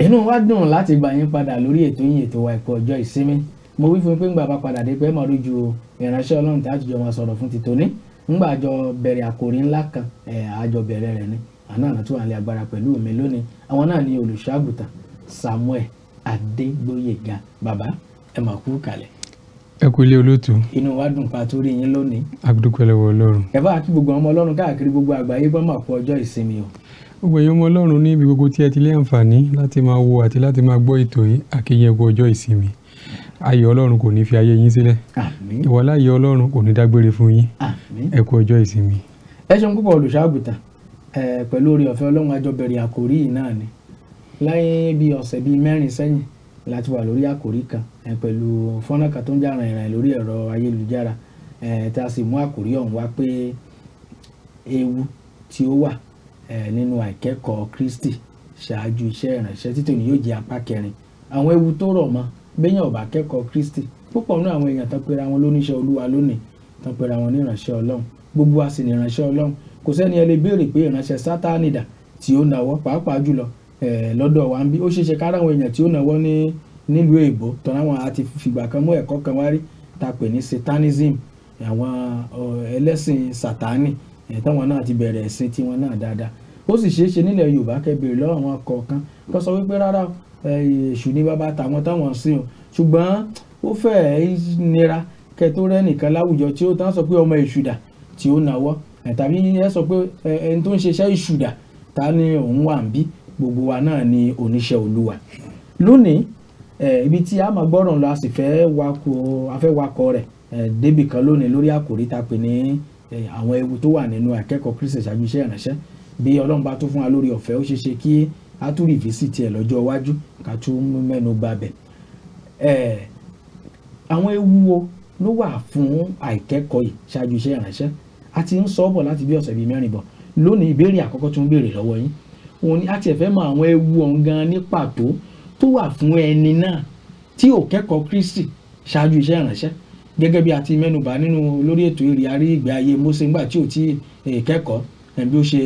inú wa dùn láti gbà yín padà lórí ètò yín ètò wa ẹ̀kọ́ ọjọ ìsinmi mo wí fún pé ńgbà bá padà dé pé ẹ mọ̀ lójú ìránṣẹ́ ọlọ́run tí a jọ máa sọ̀rọ̀ fún ti tòní ńgbà àjọ bẹ̀rẹ̀ àkòrí ńlá kan àjọ bẹ̀rẹ̀ rẹ ni àná àná tó wà ní agbára pẹ̀lú mi lónìí àwọn náà ni olùṣọ́ àgùntàn Samuel Adégbóyèga bàbá ẹ máa kú ẹ kú ilé olóòtú. inú wa dùn pa torí yín lónìí. àdúpẹ́ lọ́wọ́ ọlọ́run. ẹ bá kí gbogbo ọmọ ọlọ́run káàkiri gbogbo àgbáyé bá máa kú ọjọ́ ìsinmi o. gbogbo ẹ̀yin ọmọ ọlọ́run ní ibi gbogbo tí ẹ ti lé àǹfààní láti máa wo àti láti máa gbọ́ ètò yìí àkíyẹ kú ọjọ́ ìsinmi. ayọ̀ ọlọ́run kò ní fi ayé yín sílẹ̀. ìwọlá ayọ̀ ọlọ́run kò ní dágbére fún yín. ẹ kú ọjọ́ ìsinmi. ẹ ṣeun púpọ̀ olùṣàgùtà láti wà lórí àkòrí kan eh, pẹ̀lú fọ́nrán kan tó ń jà rìnrìn lórí ẹ̀rọ ayélujára eh, tá a sì mú àkòrí ọ̀hún wá pé ewu tí ó wà eh, nínú àìkẹ́kọ̀ọ́ Kristi ṣáájú iṣẹ́ ìrànṣẹ́ títò ní yóò jẹ́ apá kẹrin àwọn ewu tó rọ̀ mọ́ béèyàn ò bá kẹ́kọ̀ọ́ Kristi púpọ̀ nínú àwọn èèyàn tán pera wọn lóníṣẹ́ Olúwa lónìí tán pera wọn ní ìrànṣẹ́ Ọlọ́run gbogbo wa sì ní ìrànṣẹ́ Ọlọ́run kò sẹ́ni ẹ lè béèrè pé ìrànṣẹ́ Sátánì tí ó nawọ́ pàápàá jùlọ lọ́dọ̀ wa ń bí ó ṣeéṣe kára àwọn èèyàn tí ó náwó ní nílùú èbó tọ́ra wọn àti fìgbà kan mú ẹ̀kọ́ kan wá rí tá a pè ní satanism àwọn ẹlẹ́sìn sátánì táwọn náà ti bẹ̀rẹ̀ ẹ̀sìn tiwọn náà dáadáa ó sì ṣeé ṣe nílẹ̀ yorùbá kẹbìrì lọ́wọ́ àwọn kọ̀ọ̀kan tó sọ wípé rárá èṣù ni bàbá tàwọn táwọn sìn o ṣùgbọ́n ó fẹ́ẹ̀ nira kẹ tó rẹ́ nìkan láwùjọ tí ó tán sọ pé ọmọ èṣù tí ó náwó tàbí ẹ sọ pé ẹni tó ń ṣiṣẹ́ èṣù dà ta ni òun wà ń bí gbogbo wa náà ni oníṣẹ́ olúwa lónìí ibi tí a máa gbọ́ràn lọ a sì fẹ́ wakọ̀ a fẹ́ wakọ̀ rẹ̀ débì kan lónìí lórí àkòrí tá pè ní àwọn ewu tó wà nínú akẹ́kọ̀ọ́ kristi ṣáájú iṣẹ́ ìránṣẹ́ bí ọlọ́run bá tún fún wa lórí ọ̀fẹ́ ó ṣeé ṣe kí a tún rí ìfísì tiẹ̀ lọ́jọ́ iwájú ká tún mẹ́nu bà bẹ̀ àwọn ewu wo ló wà fún àìkẹ́kọ̀ọ́ yìí ṣáájú iṣẹ́ ìránṣẹ́ a ti ń sọ ọ́ bọ̀ láti bí ọ̀sẹ̀ bíi mẹ́rin bọ̀ lónìí ìbéèrè àkọ́kọ́ tún béèrè lọ́wọ́ yín òun ni a ti fẹ́ mọ àwọn ewu ọ̀hún gan ní pàtó tó wà fún ẹni náà tí ò kẹ́kọ̀ọ́ Kristi ṣáájú iṣẹ́ ìránṣẹ́ gẹ́gẹ́ bí a ti mẹ́nubà nínú lórí ètò èrè arí ìgbé ayé Mósè ńgbà tí ò ti kẹ́kọ̀ọ́ bí ó ṣe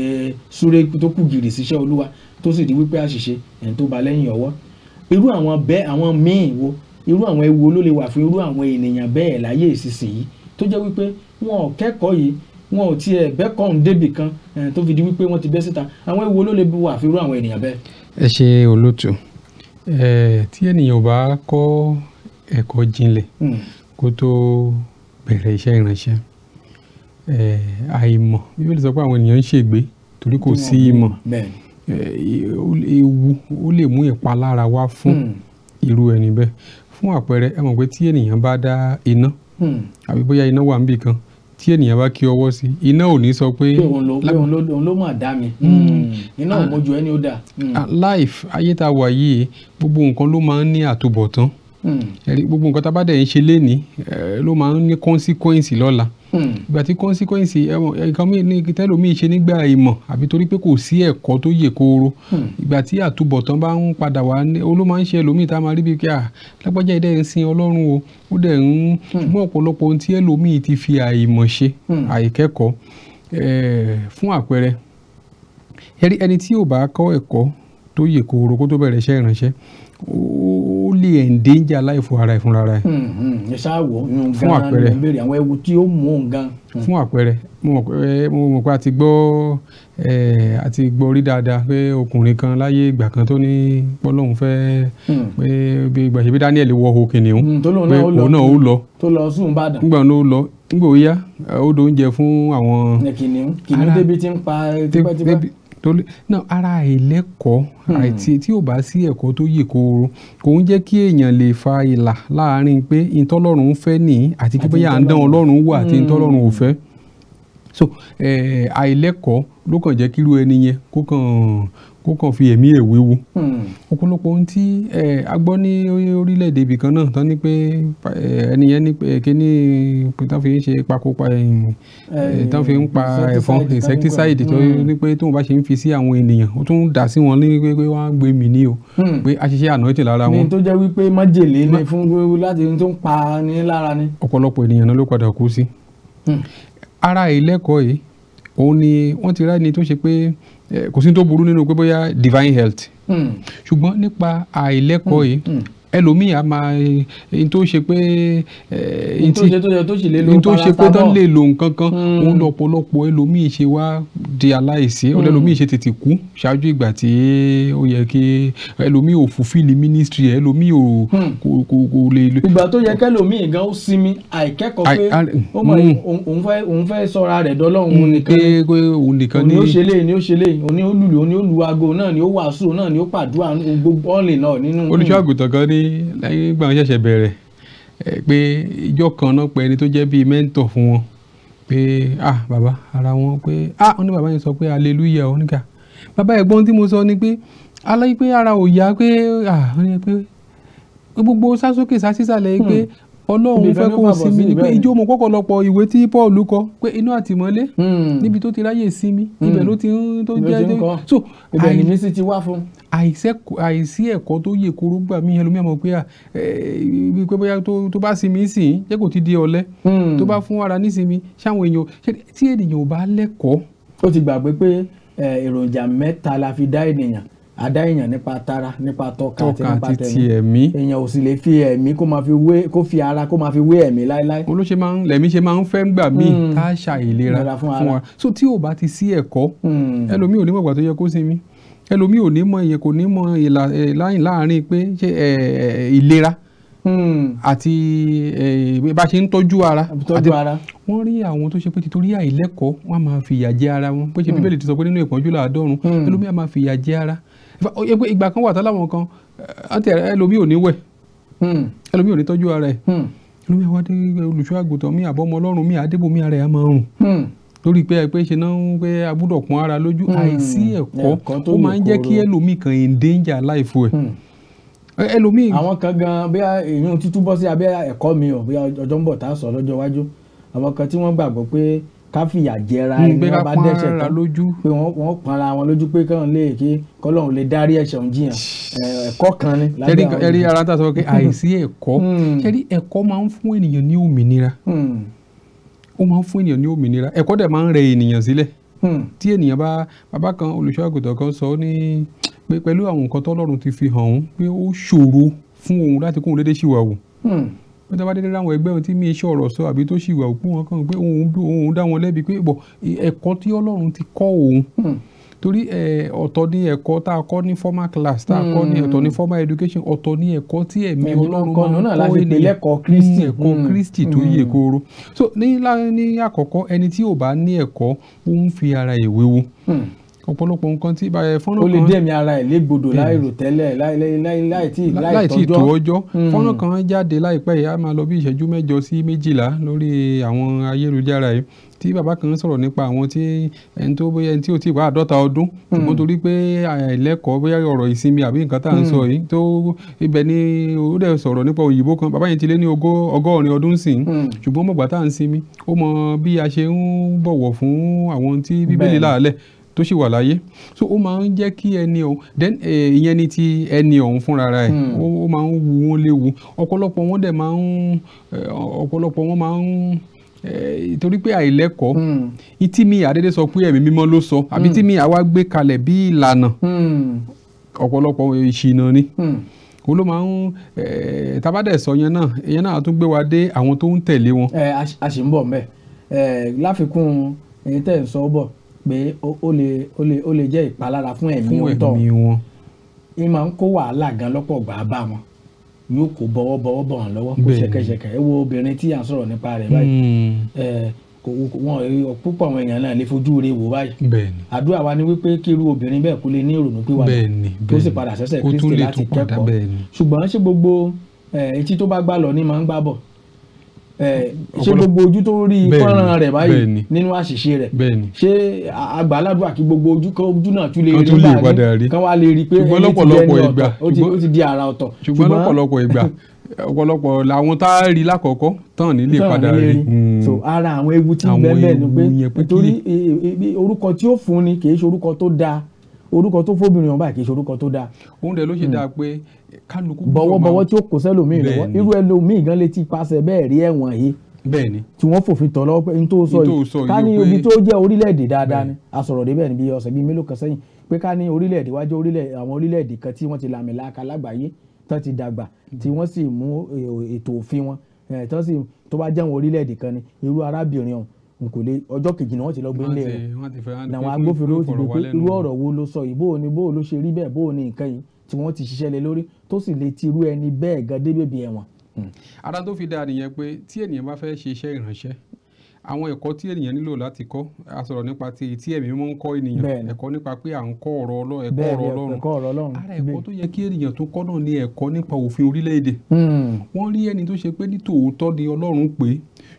súré tó kù gìrì síṣẹ́ Olúwa tó sì di wípé àṣìṣe ẹ̀ tó ba lẹ́yìn ọwọ́ irú àwọn bẹ́ẹ̀ àwọn míì wo irú àwọn ewu ló lè wà fún irú àwọn ènìyàn bẹ́ẹ̀ láyé ìsinsìnyí tó jẹ́ wípé wọn ò kẹ́kọ̀ọ́ yìí wọn ò tiẹ̀ bẹ́kọ̀ọ̀n débì kan tó fi di wípé wọ́n ti bẹ́ síta àwọn ewu ló lè bu àfirú àwọn ènìyàn bẹ́ẹ̀. ẹ ṣe olóòtú tí ènìyàn ò bá kọ́ ẹ̀kọ́ jinlẹ̀ hmm. kó tó bẹ̀rẹ̀ iṣẹ́ ìránṣẹ́ àìmọ̀ bíbélì sọ pé àwọn ènìyàn ń ṣègbé torí kò sí hmm, ìmọ̀ ewu ó lè mú ìpalára wá fún hmm. irú ẹni bẹ́ẹ̀ fún àpẹẹrẹ ẹ mọ̀ pé tí ènìyàn bá dá iná àbí bóyá iná wà níbì kan tí ènìyàn bá kí ọwọ́ sí iná ò ní sọ pé. pé òun ló pé òun ló mà dá mi hmm. Hmm. iná ò ah, mójú ẹni ó dà. Hmm. Ah, life ayé tá a wà yìí gbogbo nǹkan ló máa ń ní àtúbọ̀tán gbogbo nǹkan tá a bá dẹ̀ ń ṣe lénìí ló máa ń ní consequence lọ́la. Hmm. ìgbà tí consequence nǹkan ní tẹ́lómìn ṣe nígbà ìmọ̀ àbí torí pé kò sí ẹ̀kọ́ tó yè kooro hmm. ìgbà tí àtúbọ̀tán bá ń padà wá olóma ń ṣe ẹlòmíì tá a máa rí bíi kí à lápájá ìdẹ́ ń sin ọlọ́run o ó dẹ̀ ń mú hmm. ọ̀pọ̀lọpọ̀ ohun tí ẹlòmíì ti fi àìmọ̀ ṣe àìkẹ́kọ̀ọ́ fún àpẹẹrẹ ẹni tí ò bá kọ́ ẹ̀kọ́ tó yè kooro kó tó bẹ̀rẹ̀ iṣẹ́ ìránṣẹ́ ó lè ẹ̀ǹdẹ́njà láìfọ ara ẹ̀ fúnra hmm, hmm, ẹ hmm. fún àpẹẹrẹ fún àpẹẹrẹ eh, mo mọ̀ pé a ti gbọ́ eh, a ti gbọ́ rí dáadáa pé ọkùnrin kan láyé ìgbà kan tó ní pọ́lọ́hún fẹ́ pé ìgbà ṣe bí Daniel wọ òkè kìnìún pé òun náà ó lọ tó lọ sùn Ìbàdàn nígbà náà ó lọ nígbà ó yá ó do oúnjẹ fún àwọn. kìnìún kìnìún débi ti ń pa tipẹ́tipẹ́ torí náà ara àìlẹ́kọ̀ọ́ hmm. àìtí tí ò bá sí ẹ̀kọ́ tó yè kooro kò ń jẹ́ kí èèyàn lè fa ìlà láàárín pé ìtọ́lọ́run fẹ́ nìyí àti kí bóyá à ń dán ọlọ́run wò àti ìtọ́lọ́run ò hmm. fẹ́ so eh, àìlẹ́kọ̀ọ́ ló kàn jẹ́ kíru ẹni yẹn kó kàn kó kàn fi ẹ̀mí ẹ̀ wéwu. Hmm. ọ̀pọ̀lọpọ̀ ohun tí a gbọ́ ní orílẹ̀-èdè ibì kan náà tán ni pé ẹni yẹn ní kíní tán fi ń ṣe pakópa tán fi ń pa ẹ̀fọn insecticide tó hmm. ní pé tóun bá ṣe ń fi sí àwọn ènìyàn ó tún dà sí wọn ní pé wọ́n á gbé mi ní o hmm. pé àṣìṣe àná ti lára wọn. ní tó jẹ́ wípé májèlé ni fún láti tó ń pa ni lára ni. ọ̀pọ̀lọpọ̀ ènìyàn náà ló padà kú sí. ara ìlẹ́kọ̀ọ́ yìí òun ni wọ́n ti rá ẹni tó ṣe pé kò sí tó burú nínú pé bóyá divine health hmm. ṣùgbọ́n nípa àìlẹ́kọ̀ọ́ yìí hmm ẹlòmíì á máa n tó ṣe pé n tó ṣe tó ṣe lo paracetamol n tó ṣe pé tán lè lo nǹkan kan hmm. òun lọ́pọ̀lọpọ̀ ẹlòmíì ṣe wá di aláìsí hmm. ẹlòmíì ṣe tètè kú ṣáájú ìgbà tí ó yẹ kí ẹlòmíì ò fùfílì mínísítírì ẹlòmíì ò hmm. kò kò lè. ìgbà tó yẹ kẹlòmíì gan ó sinmi àìkẹ́kọ̀ọ́ pé ó mọ̀ òun fẹ́ òun fẹ́ sọra rẹ̀ dọ́lọ́run òun nìkan ní. òun ni ó ṣe léyìn ni ó ṣe léyìn òun ni ó lùlù nígbà wọn ṣẹ̀ṣẹ̀ bẹ̀rẹ̀ pé ìjọ kan náà pé ẹni tó jẹ́ bíi mẹ́ńtọ̀ fún wọn pé ah bàbá ara wọn pé ah wọn ní bàbá yẹn sọ pé hallelujah wọn níkà bàbá ẹ̀gbọ́n tí mo sọ ni pé aláyí pé ara ò yá pé ah wọn ní pé gbogbo sásókè sásísàlẹ̀ yìí pé hmm ọlọ́run fẹ́ kó o sinmi ni pé ijó mo kọ́kọ́lọpọ̀ ìwé tí Paul kọ pé inú àtìmọ́lé hmm. níbi tó ti ráyè sinmi hmm. ibẹ̀ ló ti ń tó jẹ́ so ibẹ̀ ni mi sì ti wá fún. àìsí ẹ̀kọ́ tó yẹ kóró gbà mí ẹlòmíà mọ̀ pé pé bóyá tó bá sinmi sìn jẹ́ kó ti di ọ̀lẹ hmm. tó bá fún ara nísinmi ṣáwọn èèyàn tí ènìyàn ò bá lẹ́kọ̀ọ́. ó ti gbàgbé pé èròjà mẹ́ta la fi dá ènìyàn àdá èèyàn nípa tara nípa tọka àti nípa tẹ̀mí èèyàn ò sì lè fi ẹ̀mí kó máa fi wé kó fi ara kó máa fi wé ẹ̀mí láéláé. olóṣè máa ń lẹ̀mí ṣe máa ń fẹ́ ń gbà míì hmm. ká ṣàìlera fún wa so tí ò bá ti sí ẹ̀kọ́ hmm. ẹlòmíì ò ní mọ̀gbà tó yẹ kó sinmi ẹlòmíì ò ní mọ iye kò ní mọ láyìn láàrin pé ṣe ìlera hmm. àti bá ṣe ń tọ́jú ara wọ́n rí àwọn tó ṣe pé títorí àìlẹ́kọ̀ọ́ wọ́n á máa fìyà jẹ ara wọn pé ṣe bíbélì ti sọ pé nínú ìpọ́njú làádọ́rùn-ún ẹlòmíì á máa fìyà jẹ ara ìgbà kan wà tá láwọn kan àti ẹlòmíì ò ní wẹ̀ hmm. ẹlòmíì ò ní tọ́jú ara ẹ̀ hmm. ẹlòmíì àwọn olùṣọ́ àgùntàn mi àbọ̀mọ ọlọ́run mi àdébòmí ara ẹ̀ á máa rùn hmm. lórí pé ẹ pé ṣe náà pé agbúdọ̀ pọ́n ara lójú àìsí ẹ̀kọ́ ó máa ń jẹ́ kí ẹlòmíì kan in danger life ẹ̀ ẹlòmíì. àwọn kan gan bí ìyún títúbọ̀ sí abẹ́ ẹ̀kọ́ mi ọ̀ bí ọjọ́ ń bọ̀ tá a sọ lọ́jọ́ iwájú àwọn kan tí wọ́n gbàgbọ́ pé káfíà jẹra hmm, ẹni wọn bá dẹ́ṣẹ̀ tán pé wọ́n panra wọn lójú pé kọ́lọ́n lè ké kọ́lọ́n lè dárí ẹ̀ṣẹ̀ òun jiyàn ẹ̀kọ́ kan ni. ẹ̀rí ara ta sọ pé hmm. àìsí ẹ̀kọ́ hmm. ṣẹ́rí ẹ̀kọ́ máa ń fún ènìyàn ní òmìnira ó máa ń fún ènìyàn ní òmìnira ẹ̀kọ́ dẹ̀ máa ń rẹ ènìyàn sílẹ̀ tí ènìyàn bá bàbá kan olùṣọ́ àgùntàn kan sọ ní pé pẹ̀lú àwọn nǹkan tọ́lọ́run ti fi hàn òun pé ó ṣòro fún òun láti kóun dédé ṣìwà wò pé tá a bá dédé ráwọn ẹgbẹ́ tí mi iṣẹ́ ọ̀rọ̀ sọ àbí tó ṣì wà òkú wọn kàn pé òun òun dá wọn lẹ́bi pé bọ̀ ẹ̀kọ́ tí ọlọ́run ti kọ́ òun hmm. torí ọ̀tọ̀ ní ẹ̀kọ́ tá a kọ́ ní formal class tá a kọ́ ní hmm. ọ̀tọ̀ ní formal education ọ̀tọ̀ ní ẹ̀kọ́ tí ẹ̀mí ọlọ́run máa ń kọ́ ènìyàn hmm, ẹ̀kọ́ kristi tó yẹ kóró so ní àkọ́kọ́ ẹni tí ò bá ní ẹ̀kọ́ ó ń fi ara ìwéwu ọ̀pọ̀lọpọ̀ nǹkan tí eh, fọ́nrán kan ó lè dẹ̀mí ara ẹ̀ légbodò láìrò tẹ́lẹ̀ láì tí ì tó ọjọ́ fọ́nrán kan jáde láìpẹ́ yìí a máa lọ bí ìṣẹ́jú mẹ́jọ sí méjìlá lórí àwọn ayélujára yìí tí bàbá kan sọ̀rọ̀ nípa àwọn tí ẹni tó bóyá ẹni tí ò tí ì wá àádọ́ta ọdún hmm. ṣùgbọ́n torí pé àìlẹ́kọ̀ọ́ bóyá ọ̀rọ̀ ìsinmi àbí nǹkan tá à ń hmm. sọ yìí tó ibẹ̀ ni ó dẹ̀ sọ̀rọ̀ nípa òyìnbó kan bàbá yẹn ti lé ní ọgọ́rin ọdún sìn hmm. ṣùgbọ́n mọ̀gbà tá à ń sinmi ó mọ bí a ṣe ń bọ̀wọ̀ fún àwọn tí bíbélì láàlẹ̀ tó sì wà láyé so ó máa ń jẹ́ kí ẹni ọ̀hún then ìyẹn ni ti ẹni ọ̀hún fúnra rẹ̀ hmm. ó máa ń wu wọn léwu ọ̀pọ̀lọpọ̀ wọn dẹ̀ máa ń ọ̀pọ̀lọpọ̀ wọn máa ń torí pé àìlẹ́kọ̀ọ́ hmm. ìtí mi àdédé sọ pé ẹ̀mí mímọ́ ló sọ àbí hmm. tí mi àwa gbé kalẹ̀ bí ìlànà ọ̀pọ̀lọpọ̀ ìṣìnà ni òun ló máa ń tabadẹ̀ sọ yẹn náà yẹn náà tún gbé wa dé àwọn tó ń tẹ̀lé wọn. ẹ a sì ń bọ̀ mẹ́ láfikún ẹ̀yin tẹ̀ ń sọ bọ̀ pé ó lè ó lè ó lè jẹ́ ìpalára fún ẹ̀mí ọ̀tọ̀ ní máa ń kó wàhálà gan lọ́pọ̀ gbà bá wọn yóò kó bọ́wọ́ bọ́wọ́ bọ̀ wọ́n lọ́wọ́ kó ṣẹ̀kẹ̀ṣẹ̀kẹ̀ ẹ wo obìnrin tí à ń sọ̀rọ̀ nípa rẹ̀ báyìí hmm. kò wọn púpọ̀ àwọn èèyàn náà lè fojú rẹ̀ wò báyìí àdúrà wa ni wípé kí irú obìnrin bẹ́ẹ̀ kó lè ní ìrònú pé wà tó sì padà sẹ́sẹ̀ Kristi láti kẹ́kọ̀ọ́ ṣùgbọ́n ṣé gbogbo etí tó bá gbà lọ ní máa ń gbà bọ̀ ṣé gbogbo ojú tó rí fọ́nrán rẹ̀ báyìí nínú àṣìṣe rẹ̀ ṣé àgbàládùn àti gbogbo ojú kan ojú náà tún lè rí padà kan wá lè rí pé ẹni ti di ẹni ọ̀tọ̀ ó ti di ara ọ̀tọ̀. ṣùgbọ́n lọ́pọ̀lọpọ̀ ìgbà ọ̀pọ̀lọpọ̀ làwọn tá a rí lákọ̀ọ́kọ́ tán ní lè padà rí. Hmm. so ara àwọn ewu tí bẹ́ẹ̀ bẹ́ẹ̀ ni pé nítorí e, e, e, orúkọ tí ó fún ni kì í ṣe orúkọ tó dáa orúkọ tó fóbìnrin ọ̀hún báyìí kì í ṣe orúkọ tó dáa. òun dẹ̀ ló ṣe dáa hmm. pé kálukú. bọ̀wọ̀bọ̀wọ̀ tí ó kò sẹ́lòmíì lọ́wọ́ irú ẹlòmíì gan létí pasẹ̀ bẹ́ẹ̀ rí ẹ̀wọ̀n yìí bẹ́ẹ̀ni tí wọ́n fòfin tọ lọ́wọ́ pé n tó sọ yìí ká ní ibi tó jẹ́ orílẹ̀-èdè dáadáa ni a sọ̀rọ̀ débẹ̀ níbi ọ̀sẹ̀ bíi mélòó kan sẹ́yìn pé ká ní orílẹ̀-èdè àwọn orílẹ̀ kan tí wọ́n ti làmì laaka lágbàáyé tán ti dàgbà tí wọ́n sì mú ètò òfin wọn tán sì tó bá jẹ́ wọn kan ni irú arábìnrin ọ̀hún kò lè ọjọ́ kejì náà wọ́n ti lọ gbé nílé rẹ̀ làwọn agbófinró ti gbé pé irú ọ̀rọ̀ wo ló sọ yìí bóò ni bóò ló ṣe rí bẹ́ẹ̀ bóò ni nǹkan yìí tí wọ́n ti ṣiṣẹ́ lé lórí tó sì lè ti irú ẹni bẹ́ẹ̀ gan débèbè ẹ̀wọ̀n. Hmm. ara tó fi dáa nìyẹn pé tí ènìyàn bá fẹ́ ṣe iṣẹ́ ìránṣẹ́ àwọn ẹ̀kọ́ tí ènìyàn nílò láti kọ́ a sọ̀rọ̀ nípa ti tí ẹ̀mí mọ́ ń kọ́ ènìyàn ẹ̀kọ́ nípa pé à ń kọ́ ọ̀rọ̀ ọlọ́run ẹ̀kọ́ ọ̀rọ̀ ọlọ́run ara ẹ̀kọ́ tó yẹ kí ènìyàn tó kọ́ náà ni ẹ̀kọ́ nípa òfin orílẹ̀-èdè hmm. wọ́n rí ẹni tó ṣe pé ní tòótọ́ ni ọlọ́run pé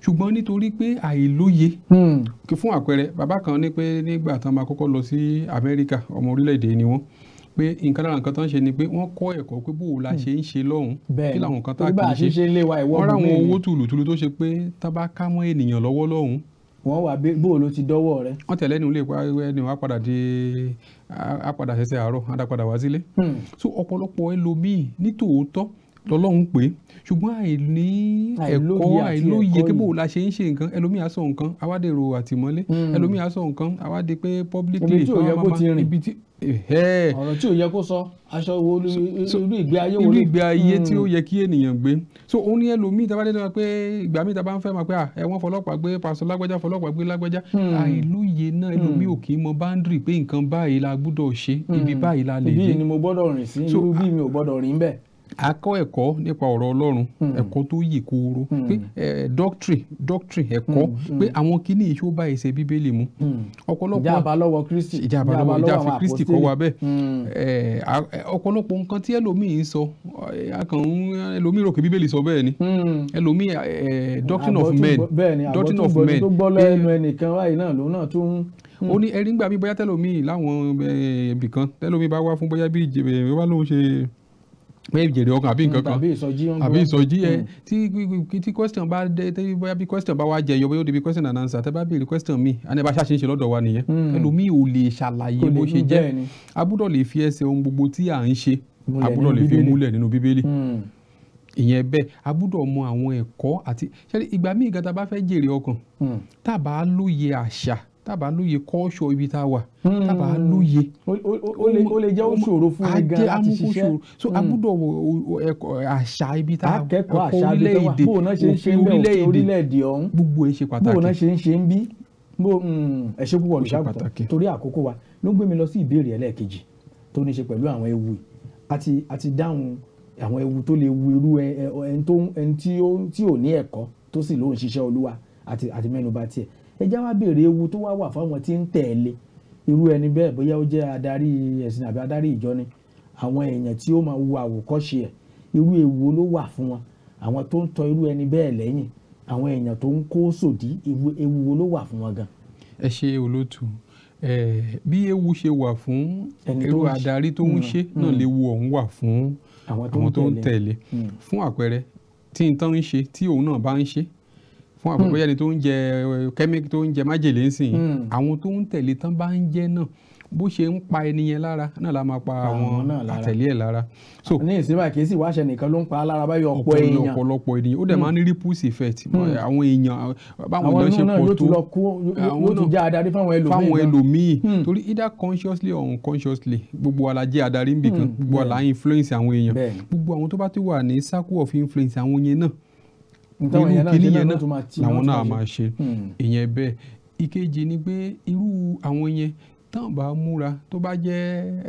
ṣùgbọ́n nítorí pé àìlóye hmm. fún àpẹẹrẹ bàbá kan ní pé nígbà tán máa kọ́kọ́ lọ sí Amẹ́ríkà ọmọ orílẹ̀-èdè ni wọ́n pé nǹkan lára nǹkan tó ń ṣe ni pé wọ́n kọ́ ẹ̀kọ́ pé bó o la hmm. ṣe ń ṣe lọ́hùn kí làwọn kan tá a kì í ṣe wọ́n ráwọn owó tùlùtùlù tó ṣe pé tábà ká mọ́ ènìyàn lọ́wọ́ lọ́hùn wọ́n wà bó o ló ti dọ́wọ́ rẹ. wọ́n tẹ̀lé ní ilé ẹni wàá padà di a padà ṣẹ̀ṣẹ̀ àárọ̀ a dá padà wá sílé. Hmm. so ọ̀pọ̀lọpọ̀ ẹlòmíì ní tòótọ́ lọ́lọ́run pé ṣùgbọ́n àìní ẹ̀kọ́ àìlóye kí bò la ṣe ń ṣe nǹkan ẹlòmíì á sọ nǹkan awádèrò àtìmọ́lé hmm. ẹlòmíì á sọ nǹkan awádé pé publicly ibi tí ọ̀rọ̀ tí ò yẹ kó sọ aṣọ wo irú ìgbé ayé wo irú ìgbé ayé tí ó hmm. yẹ kí ènìyàn gbé so òun ni ẹlòmíì tá a bá dénú pé ìgbà míì tá a bá ń fẹ́ máa pé ẹ wọ́n fọlọ́pàá gbé pàṣẹ lágbájá fọlọ́pàá gbé lágbájá hmm. àìlóye náà hmm. ẹlòmíì ò kì í mọ báńdìrì pé nǹkan báyìí la gbúdọ̀ ṣe ibi báyìí la lè dé. ibi ni mo gbọ́dọ̀ rìn sí irú bí mi ò gbọ́dọ̀ rìn bẹ́ẹ̀ a kọ́ ẹ̀kọ́ nípa ọ̀rọ̀ Ọlọ́run hmm. ẹ̀kọ́ tó yè kooro hmm. pé doctrine doctrine ẹ̀kọ́ hmm. pé àwọn kìíní yìí ṣó báyìí ṣe bíbélì mu ọ̀pọ̀lọpọ̀ ìjàmbá lọ́wọ́ Kristi ìjàmbá lọ́wọ́ ìjàfẹ́ Kristi kọ́ wa bẹ́ẹ̀ ọ̀pọ̀lọpọ̀ nǹkan tí ẹlòmíì ń sọ ẹlòmíì rò pé bíbélì sọ bẹ́ẹ̀ ni ẹlòmíì doctrine of men doctrine of men tó gbọ́ lẹ́nu ẹnìkan báyìí náà lòun náà tún ó ní ẹrí ń gbà mí bóyá tẹlómi láwọn ibì kan tẹlómi bá wá fún bóyá bí ìjẹbẹ wá lóun ṣe bẹ́ẹ̀ jèrè ọkàn àbí nǹkan kan àbí ìsọjí ẹ hmm. tí tí question bá dé tí bóyá bí question bá wá jẹyọ bóyá ó débi question and answer tẹ bá béèrè question mi àná bá ṣàṣe ń ṣe lọ́dọ̀ wa nìyẹn hmm. ẹlòmíì ò lè ṣàlàyé bó ṣe jẹ́ agbọ́dọ̀ lè fi ẹsẹ̀ ohun gbogbo tí à ń ṣe agbọ́dọ̀ lè fi múlẹ̀ nínú bíbélì hmm. ìyẹn bẹ́ẹ̀ agbọ́dọ̀ mọ àwọn ẹ̀kọ́ àti ìgbà míì gata bá fẹ́ jèrè ọkàn tá a bá lóye àṣà Taba lóye kọ́ṣọ́ ibi tá a wà hmm. tábà lóye. ó lè jẹ́ ó ṣòro fún mi gan láti ṣiṣẹ́. so a hmm. gbọ́dọ̀ ẹ̀kọ́ àṣà ibi tá a kẹ́kọ̀ọ́ àṣà ibi tá a wà bóun náà ṣe ń ṣe ń bẹ̀ orílẹ̀-èdè ọ̀hún gbogbo ẹ̀ ṣe pàtàkì bóun náà ṣe ń ṣe ń bí hmm, ẹ ṣe púpọ̀ olùṣàgùtàn torí àkókò wa ló gbé mi lọ sí ìbéèrè ẹlẹ́ẹ̀kejì tó ní ṣe pẹ̀lú àwọn ewu àti àti dáhùn àwọn ewu tó lè wu irú ẹni tí ò ní ẹjá wá béèrè ewu tó wá wà fáwọn tí ń tẹ̀lé irú ẹni bẹ́ẹ̀ bóyá ó jẹ́ adarí ẹ̀sìn àbí adarí ìjọ ni àwọn èèyàn tí ó máa wo àwòkọ́ṣe ẹ̀ irú ewu ló wà fún wọn àwọn tó ń tọ irú ẹni bẹ́ẹ̀ lẹ́yìn àwọn èèyàn tó ń kó sòdí ewu ló wà fún wọn gan. ẹ ṣe olótù bí ewu ṣe wà fún irú adarí tó ń ṣe náà hmm. léwu ọ̀hún wà fún àwọn tó ń tẹ̀lé hmm. fún àpẹẹrẹ tí n tán ń ṣe tí òun náà bá ń ṣe fún àpapọ̀ hmm. yẹni tó ń jẹ kẹ́míkì eh, tó ń jẹ májèlé ń sìn hmm. àwọn tó ń tẹ̀lé tán bá ń jẹ náà bó ṣe ń pa ẹni yẹn lára náà la máa pa àwọn àtẹ̀lé ẹ̀ lára. ní ìsinmi kì í sì wáṣẹ nìkan ló ń pa á lára báyọ̀ ọ̀pọ̀ èèyàn ọ̀pọ̀lọpọ̀ ènìyàn ó dẹ̀ hmm. máa ń rí púùsì effect àwọn èèyàn báwọn èèyàn ṣe pọ̀ tó àwọn náà yóò jẹ́ adarí fáwọn ẹlòmíì torí either consciously or unconsciously gbogbo wa la jẹ́ adarí nbìkan gbogbo wa la influence àwọn èèyàn gbogbo àwọn tó bá ti wà ní circle of influence àwọn yẹn náà irú kìíní yẹn náà làwọn náà máa ṣe hmm. ìyẹn bẹ́ẹ̀ ìkejì ni pé irú àwọn yẹn tán bá múra tó bá jẹ́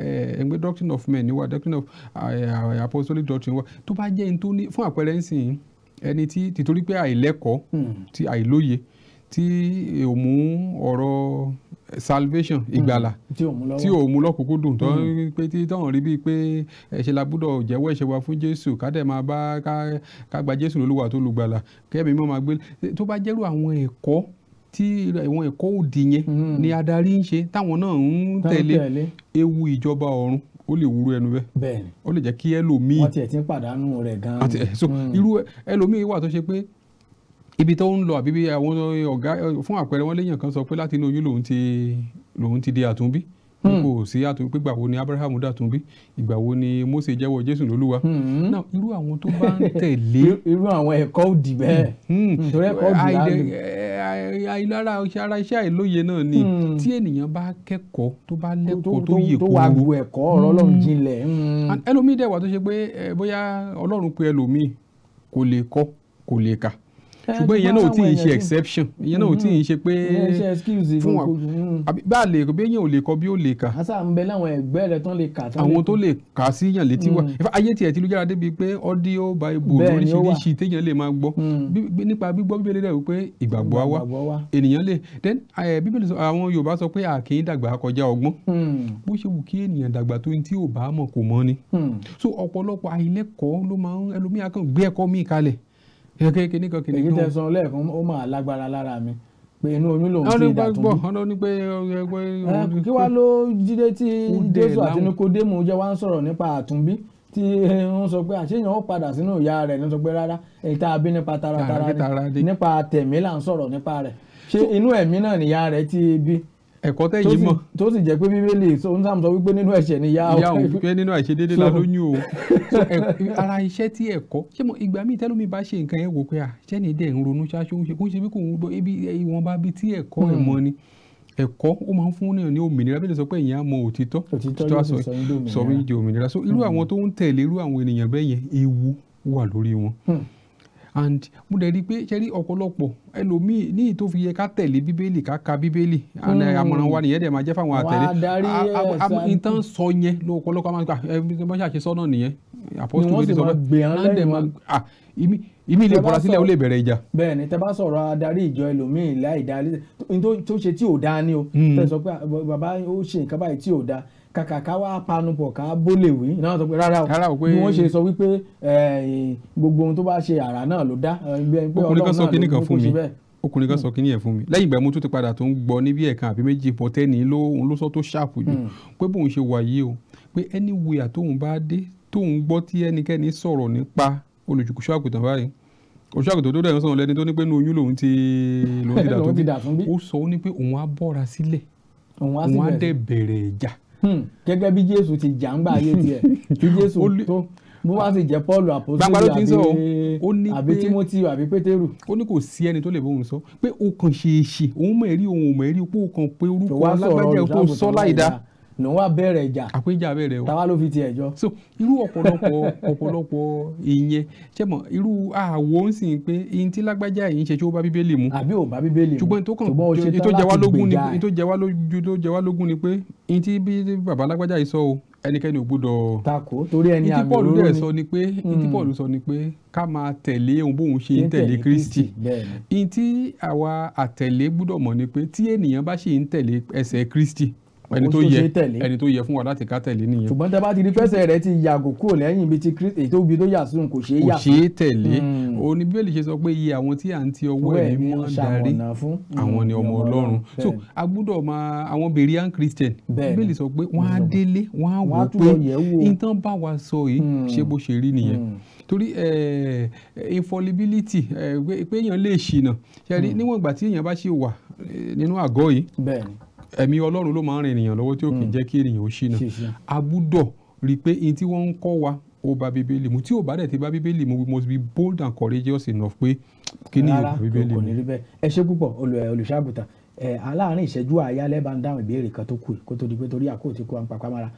eh, ẹgbẹ́ doctrine of men wa doctrine of eh, apostolic doctrine wa tó bá jẹ́ ní tó ní fún àpẹẹrẹ ńsìn ẹni tí tìtorí pé àìlẹ́kọ̀ọ́ hmm. ti àìlóye tí òmù ọ̀rọ̀ salvation hmm. ìgbàlà tí ò mú lọ́kùnkúndùn tó ń hmm. pé tí tọ́hún rí bíi pé ẹ̀ṣẹ̀ la gbọ́dọ̀ jẹ́wọ́ ẹ̀ṣẹ̀ wa fún jésù ká dẹ̀ máa bá ká gba jésù lólúwa tó lùgbàlà kẹ́mi mọ́ máa gbé tó bá jẹ́rú àwọn ẹ̀kọ́ tí àwọn ẹ̀kọ́ òdì yẹn hmm. ni adarí ń ṣe táwọn náà ń tẹ̀lé ewu ìjọba ọ̀run ó lè wúrú ẹnu bẹ́ẹ̀ ó lè jẹ́ kí ẹlòmíì wọ́n tiẹ̀ ti pàdánù rẹ̀ gan-an. irú ẹlòmíì wà tó ṣe pé ibi tó ń lọ àbí bí àwọn ọ̀gá fún àpẹẹrẹ wọn léèyàn kan sọ pé láti inú oyún lòun ti lòun ti di àtúnbí hmm. kò sí àtúnbí pé gbàwo ni abrahamu dàtúnbí ìgbà wo ni mose jẹ́wọ́ jésù lólúwa hmm. náà irú àwọn tó bá ń tẹ̀lé. irú àwọn ẹ̀kọ́ òdì bẹ́ẹ̀ hmm. torí ẹ̀kọ́ òdì láàbì. Eh, ara ara iṣẹ́ àìlóye náà ni tí ènìyàn bá kẹ́kọ̀ọ́ tó bá lẹ́kọ̀ọ́ tó yè kúrò. tó wà gbu ẹ̀kọ́ ọ̀rọ̀ ọlọ́run jinlẹ̀. ẹlòmíì dẹ̀ wà tó ṣe pé eh, bóyá ọlọ́run pe ẹlòmíì kò lè kọ́ kò lè kà ṣùgbọ́n ìyẹn náà ò tí ì ṣe exception ìyẹn náà ò mm-hmm. tí ì ṣe pé fún wa bá a lè bí èèyàn ò lè kọ bí ó lè kà. àṣà ń bẹ láwọn ẹgbẹ́ rẹ tán lè kà. àwọn tó lè kà sí yàn létí wa mm. ayé tiẹ̀ ti lójára débi pé audio bible lóríṣiríṣi téèyàn lè máa gbọ́ mm. nípa gbígbọ́ bíbélì rẹ̀ wípé ìgbàgbọ́ wa ènìyàn lè then bíbélì àwọn Yorùbá sọ pé a kì í dàgbà kọjá ọgbọ́n mm. bó ṣe wù kí ènìyàn dàgbà tó ní tí ò bá mọ̀ kò mọ̀ ni so ọ̀pọ̀lọpọ̀ àìlẹ́kọ̀ọ́ ló máa ń ẹlòmíà kan gbé ẹ̀kọ́ míì kalẹ̀ èké kìíní kan kìíní kan. èyí tẹ sọ lẹ́ẹ̀kan ó máa lágbára lára mi pé inú oyún lòun ti dàtún. ọ̀nà ní pé ẹgbẹ́. kí wàá ló jíde tí jésù àti nikodemu jẹ́ wá ń sọ̀rọ̀ nípa àtúnbí tí wọ́n sọ pé àṣeyàn ó padà sínú ìyá rẹ̀ ní sọ pé rárá èyí tá a bí nípa taratara nípa tẹ̀mí là ń sọ̀rọ̀ nípa rẹ̀ ṣé inú ẹ̀mí náà nìyá rẹ̀ ti bí ẹ̀kọ́ tẹ́ yìí mọ̀. tó sì jẹ́ pé bíbélì tó ń sàmùsọ wípé nínú ẹ̀ṣẹ̀ ni yá o. yá o wípé nínú àìṣedédé la lóyún o. ara iṣẹ́ tí ẹ̀kọ́ ṣé mo ìgbà míì tẹ́lómi bá ṣe nǹkan yẹn wò pé à ṣẹ́ ni dẹ̀ ń ronú ṣáṣó ń ṣe kó ń ṣe bí kò ń gbọ́ ebi ìwọ̀nba bíi tí ẹ̀kọ́ ẹ̀ hmm. mọ́ ni ẹ̀kọ́ ó máa ń fún náà ní òmìnira bí lè sọ pé èèyàn á mọ òtítọ́ òtítọ́ sọ mí di òmìnira so irú hmm. àwọn tó ń tẹ̀lé irú àwọn ènìyàn bẹ́ẹ̀ yẹn ewu wà lórí wọn. Hmm and mo dẹ̀ rí i pé ṣe rí ọ̀pọ̀lọpọ̀ ẹlòmíì ní tó fi yẹ ká tẹ̀lé bíbélì ká ka bíbélì and eh, àmọ̀ràn wa nìyẹn dẹ̀ máa jẹ́ fáwọn àtẹ̀lé ìtàn sọ yẹn ló ọ̀pọ̀lọpọ̀ máa ń gbà ẹ bí wọ́n ṣàṣe sọ́nà nìyẹn àpọ́sítù bíi sọ bẹ́ẹ̀ ah, ìmí ilé ìbọra sílẹ̀ ó lè bẹ̀rẹ̀ ìjà. bẹ́ẹ̀ni tẹ bá sọ̀rọ̀ adarí ìjọ ẹlòmíín láì dá tó ṣe tí ò dáa ni o hmm. tẹ sọ pé bàbá ó ṣe nǹkan báyìí tí ò dáa kàkà ká wá panupọ̀ ká bólèwé náà sọ pé rárá o bí wọ́n ṣe sọ wípé gbogbo ohun tó bá ṣe àrà náà ló dá pé ọlọ́run náà ló kó ṣe bẹ́ẹ̀ ọkùnrin kan sọ kí ni ẹ fún mi lẹ́yìn ìgbà mo tún ti padà tó ń gbọ́ níbi ẹ̀kan àbí méjì pọ̀tẹ́ni ló òun ló sọ tó ṣàpù jù hmm. pé bóun ṣe wà yìí o pé anywhere tóun bá dé tóun gbọ́ tí ẹnikẹ́ni sọ̀rọ̀ nípa olùjùkúṣọ́ àgùntàn báyìí òṣìṣẹ́ àgùntàn tó dẹ̀yìn sọ̀rọ̀ lẹ́ni tó ní pé inú oyún lòun ti lòun ti dà tó bí ó sọ ó ní pé òun á bọ́ra sílẹ̀ òun á dẹ̀ bẹ̀rẹ̀ ìjà Hmm. gẹ́gẹ́ bí jésù ti jà ń gbà ayé tiẹ̀ kí jésù tó bó bá sì jẹ́ paul àpòsílẹ̀ àbí àbí timothy àbí pétérù. ó ní kò sí ẹni tó lè bóun sọ pé o kàn ṣèèṣì òun mọ̀ ẹ̀rí òun mọ̀ ẹ̀rí pé o kàn pé orúkọ alágbájá o tó sọ láìda nù wá bẹ̀rẹ̀ ìjà àpéjà bẹ̀rẹ̀ o táwa ló fi tiẹ̀ jọ. so irú ọ̀pọ̀lọpọ̀ ọ̀pọ̀lọpọ̀ ìyẹn ṣé mọ̀ irú àwo ń sìn pé ihun tí lágbájá yìí ń ṣe tí ó bá bíbélì mu. àbí ò bá bíbélì mu ṣùgbọ́n tó kàn ṣùgbọ́n tó jẹ wá lógún ni tó jẹ wá lójú tó jẹ wá lógún ni pé ihun tí bàbá lágbájá yìí sọ o ẹnikẹ́ni ò gbọ́dọ̀. takò torí ẹni àmì òróró ni sọ ni pé ìtí hmm. Pọ́ọ̀lù sọ ni pé ká máa tí ènìyàn bá Kristi ẹni tó yẹ ẹni tó yẹ fún wa láti ká tẹ̀lé nìyẹn. ṣùgbọ́n tẹ bá ti di pẹ́sẹ̀ rẹ ti yàgò kúrò lẹ́yìn ibi tí kristi èyí tó bi tó yà sóun kò ṣeé yà. kò ṣeé tẹ̀lé òní hmm. bíbélì ṣe sọ pé iye àwọn tí à ń ti ọwọ́ ẹ̀ ní darí hmm. àwọn ni ọmọ ọlọ́run so a gbọ́dọ̀ máa àwọn berian christian bíbélì sọ pé wọ́n á délé wọ́n á wò pé ìtàn bá wa sọ yìí hmm. ṣé bó ṣe rí nìyẹn torí infallibility pé èèyàn lè ṣìnà ṣe rí níwọ̀n ìgbà tí èèyàn bá ṣe wà nínú àgọ́ yìí ẹ̀mí ọlọ́run ló máa ń rin ènìyàn lọ́wọ́ tí ó kì í hmm. jẹ́ kí ènìyàn ó ṣìnà a gbúdọ̀ rí i pé ihun tí wọ́n ń kọ́ wa ó bá bíbélì mu tí ò bá dẹ̀ ti bá bíbélì mu we must be bold and courageous enough pé kí ni ìyẹn bá bíbélì mu. ẹ ṣe púpọ̀ olùṣàgùtàn aláàárín ìṣẹ́jú àáyá lẹ́bàá ń dáhùn ìbéèrè kan tó kù kó tó di pé torí àkókò ti kó wa ń papá mára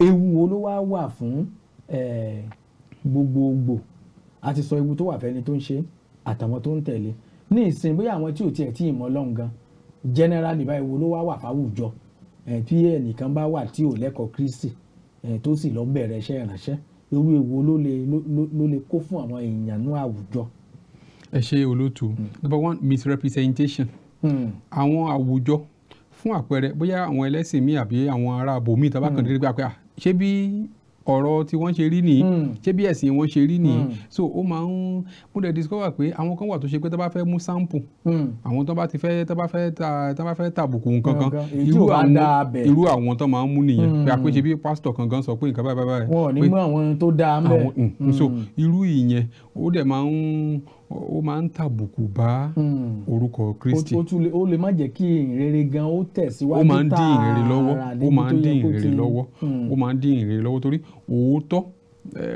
ewu wo ló wá wà fún gbogbogbò a ti sọ ewu tó wà fẹ́ni tó ń ṣe àtàwọn tó ń tẹ̀lé ní ìsìn bóyá àwọn tí ò tiẹ̀ tí ì mọ Ọlọ́run generally báyìí wo ló wá wà fáwùjọ tí ẹnìkan bá wà tí ò lẹ́kọ̀ọ́ Kristi tó sì lọ bẹ̀rẹ̀ iṣẹ́ ìránṣẹ́ irú èwo ló lè ló lè kó fún àwọn èèyàn ní àwùjọ. ẹ ṣe olóòtú hmm. number one misrepresentation hmm. àwọn àwùjọ fún àpẹẹrẹ bóyá àwọn ẹlẹ́sìn míì àbí àwọn ará abòmíì tábà kàn hmm. déédéé pé ṣé bí ọ̀rọ̀ tí wọ́n ṣe rí nìyí hmm. ṣé bí ẹ̀sìn wọn ṣe rí nìyí hmm. so ó máa ń mú dẹ̀ discover pé àwọn kan wà tó ṣe pé tó bá fẹ́ mú sample hmm. àwọn tó bá ti fẹ́ tó bá fẹ́ tó bá fẹ́ tàbùkù nǹkan kan irú àwọn irú àwọn tó máa ń mú nìyẹn pé àpèjẹ bí pásítọ̀ kan sọ pé nǹkan báyìí báyìí. wọn ò ní mú àwọn tó dáa mẹ́ẹ̀. so irú ìyẹn ó dẹ̀ máa ń ó máa ń tàbùkù bá hmm. orúkọ Kristi. ó lè má jẹ́ kí ìrere gan ó tẹ̀síwájú tààrà lọ́wọ́ ó máa ń dín ìrere lọ́wọ́ hmm. ó máa ń dín ìrere lọ́wọ́ torí òótọ́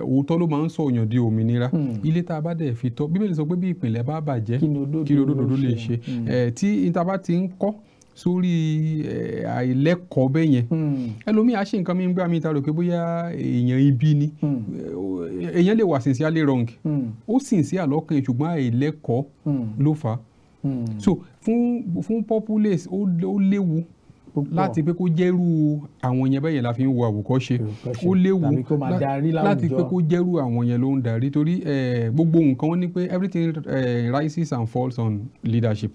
òótọ́ ló máa ń sọ òyàn di òmìnira hmm. ilé tá a bá dẹ̀ fi tọ́ Bíbélì sọ pé bí ìpìlẹ̀ bá bàjẹ́ kí ni òdodo lè ṣe tí ìta bá ti ń kọ́ sórí àìlẹ́kọ̀ọ́ bẹ́ẹ̀ yẹn hmm. ẹlòmíì á ṣe nǹkan mi gbá mi ta rò pé bóyá èèyàn ibi ni hmm. èèyàn lè wà sincerely wrong hmm. ó sincere lọ́kàn ṣùgbọ́n àìlẹ́kọ̀ọ́ ló fà á so fún fún populace ó léwu láti pé kó jẹ́rú àwọn yẹn bẹ́yẹn la fi ń wo àwòkọ́ṣe ó léwu láti pé kó jẹ́rú àwọn yẹn ló ń darí torí gbogbo nǹkan wọn ni pé everything rises and falls on leadership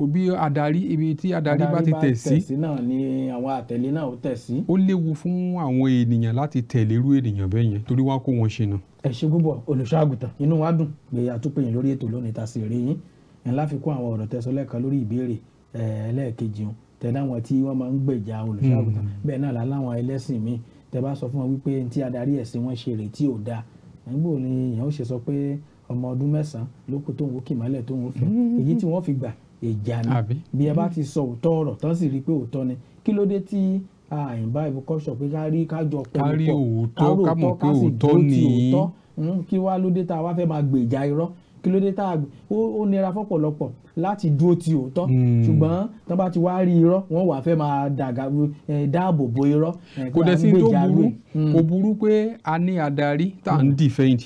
òbí hmm. adarí ibi tí adarí bá ti tẹ̀ sí ni àwọn àtẹ̀lé náà ó tẹ̀ sí. ó léwu fún àwọn ènìyàn láti tẹ̀lé irú ènìyàn bẹ́yẹn torí wọ́n á kó wọn ṣìnà. ẹ ṣe púpọ̀ olùṣọ́ àgùntàn inú wa dùn pé àtúpẹ̀yìn lórí ètò lónìí ta sí rí yín ẹ̀ ńlá fi kún àwọn ọ̀rọ̀ tẹ́sán lẹ́ẹ̀kan lórí ìbéèrè ẹlẹ́ẹ̀kejì òun tẹ̀lé àwọn tí wọ́n máa ń gbèjà olùṣọ́àgùtàn hmm. bẹ́ẹ̀ náà láwọn ẹlẹ́sìn mi tẹ bá sọ fún wọn wípé tí adarí ẹ̀sìn wọn ṣe rè tí ò dáa nígbò ni èèyàn ó ṣe sọ pé ọmọ ọdún mẹ́sàn-án ló kù tóun ó kì mọ́lẹ̀ tóun ó fẹ́ hmm. èyí tí wọ́n fi gbà ìjà ni bí ẹ bá ti sọ òótọ́ ọ̀rọ̀ tán sì rí i pé òótọ́ ni kí ló dé tí àyìnbá ìbùkọ́sọ̀ pé ká rí kájọ pẹ̀lú pọ̀ ká rí òótọ́ ká mọ̀ pé òótọ́ ni hmm, kí wá ló dé tá a wá fẹ́ máa gbèjà irọ́ kí ló dé tá a gbé ó nira fọ́pọ̀lọpọ̀ láti dúró ti òótọ́ hmm. ṣùgbọ́n tán bá ti wá rí irọ́ wọ́n wàá fẹ́ máa dàgà dáàbò bo irọ́. kò dẹ̀ sí tó burú hmm. kò burú pé a ní adarí tá à ń hmm. defend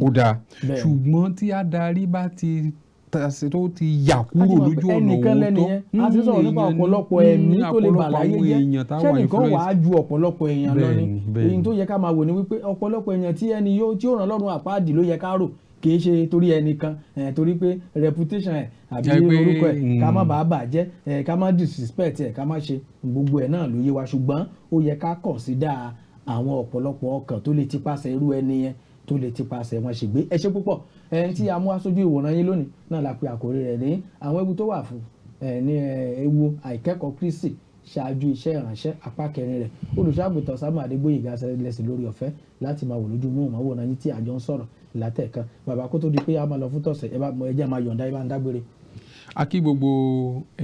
ó dáa ṣùgbọ́n tí adarí bá ti tàṣe tó ti yà kúrò lójú ọ̀nà òótọ́ ẹnìkan lẹ́nu yẹn a ti sọ̀rọ̀ nípa ọ̀pọ̀lọpọ̀ ẹ̀mí tó lè bà láyé jẹ́ sẹ́nìkan wàá ju ọ̀pọ̀lọpọ̀ èèyàn lọ ni èyí tó yẹ ká máa wò ni wípé ọ̀pọ̀lọpọ̀ èèyàn tí ẹni yóò tí ó ràn lọ́rùn àpáàdì ló yẹ ká rò kì í ṣe torí ẹnìkan ẹ̀ torí pé reputation ẹ̀ àbí orúkọ ẹ̀ ká má hmm. bàa bàjẹ́ ẹ̀ ká má disrespect ẹ̀ ká má ṣe gbogbo ẹ̀ náà ló yé wa ṣùgbọ́n ó yẹ ká consider àwọn ọ̀pọ̀lọpọ̀ ọkàn tó lè tipasẹ̀ irú ẹni yẹn tó lè ti wọn ṣègbè ẹ ṣe púpọ̀ ẹni tí a mú aṣojú ìwòran yín lónìí náà la pe àkórí rẹ̀ ní àwọn ewu tó wà fún ní ewu àìkẹ́kọ̀ọ́ Kristi ṣáájú iṣẹ́ ìránṣẹ́ apá kẹrin rẹ̀ olùṣọ́ àgùntàn Samuel Adégbóyèga ṣẹlẹ̀ṣẹ̀ lórí ọ̀fẹ́ láti máa wò lójú mọ́ òmáwòrán yín tí àjọ ń sọ̀rọ̀ látẹ̀kan bàbá kó tó di pé a máa lọ fún tọ̀sẹ̀ ẹ bá ẹ jẹ́ máa yọ̀ǹda ẹ bá ń dágbére. a kí gbogbo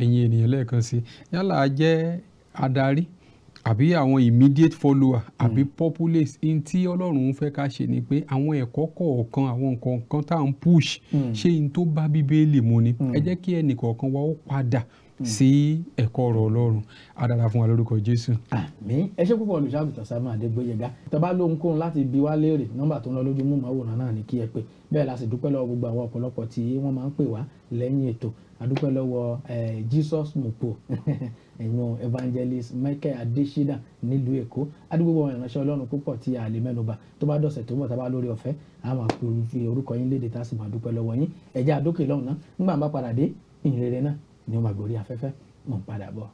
ẹ̀yin ènìyàn lẹ́ẹ̀kan sí yálà jẹ́ adarí àbí àwọn immediate follower àbí mm. populace in tí ọlọ́run fẹ́ ká ṣe ni pé àwọn ẹ̀kọ́ kọ̀ọ̀kan àwọn nǹkan kan tá à ń push mm. ṣé in tó bá bíbélì mu ni mm. ẹ jẹ́ kí ẹnì kọ̀ọ̀kan wa ó padà Hmm. sí ẹ̀kọ́ ọ̀rọ̀ ọlọ́run á dára fún wa lórúkọ jésù. àmín ẹ ṣe púpọ̀ olùṣàgùtàn sámú adégbòyega tọba lóhunkóhun láti bi wá léèrè nọ́mbà tó ń lọ lójú mú màwòrán náà ní kí ẹ pé bẹ́ẹ̀ la sì dúpẹ́ lọ́wọ́ gbogbo àwọn ọ̀pọ̀lọpọ̀ tí wọ́n máa ń pè wá lẹ́yìn ètò adúpẹ́ lọ́wọ́ jesus mopo ẹ̀yàn evangelist michael adesina nílùú èkó adúgbò wọn ìránṣẹ́ ọlọ́run púpọ̀ tí a lè mẹ́nuba tó bá dọ̀sẹ̀ tó bọ̀ tá a bá lórí ọ̀fẹ́ a máa fi orúkọ yín léde tá a sì máa dúpẹ́ lọ́wọ́ yín ẹ̀jẹ̀ àdókè lọ́hùn náà nígbà bá padà dé ìhìnrere náà ni on m'a fait, à faire. Non, pas d'abord.